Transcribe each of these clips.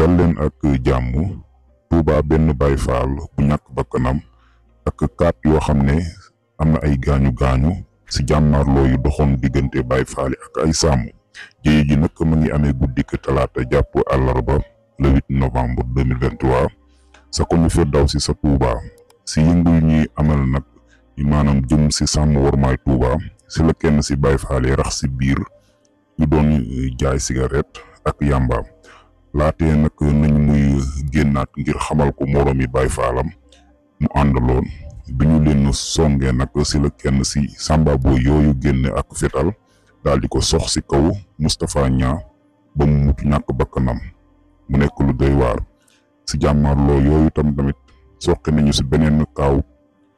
dal leen ak jàmm Touba benn bay Fall bu ñak bakanam ak kaat yo xamne amna ay gaañu gaañu si jàmmarloo yu doxon diggante bay Fall ak ay sam jéye ji nak mu ngi guddi ke talata japp alarba le 8 novembre 2023 sa ko ñu daw si sa Touba si yëngu ñi amal nak yi manam jëm si sam warmaay Touba si la kenn si bay Fall rax ci bir ñu doon jaay cigarette ak yàmbaam laatee nag nañ muy génnaat ngir xamal ko moroomi Baay Faalam mu àndaloon bi ñu leen songee nag si la kenn si Samba Boy yooyu génne ak fetal daal di ko sox si kaw Moustapha Niang ba mu mucc ñàkk bakkanam mu nekk lu doy waar si jàmmarloo yooyu tam tamit soqe nañu si beneen kaaw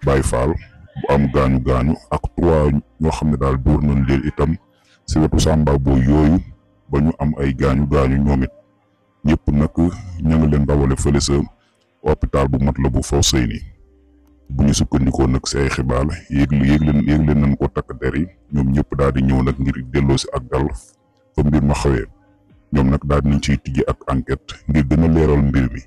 Baay Faal bu am gaañu gaañu ak trois ñoo xam ne daal dóor nañ leen itam si wetu Samba yooyu ba ñu am ay gaañu gaañu ñoom ñëpp nag ña nga leen dawale fële sa hôpital bu mat la bu faw sëy ni buñu sukkandikoo nag si ay xibaar yéeg yéeg leen yéeg leen nañ ko takk der yi ñoom ñëpp daal di ñëw nag ngir delloo si ak dal fa mbir ma xawee ñoom nag daal di nañ ciy tijji ak enquête ngir gën a leeral mbir mi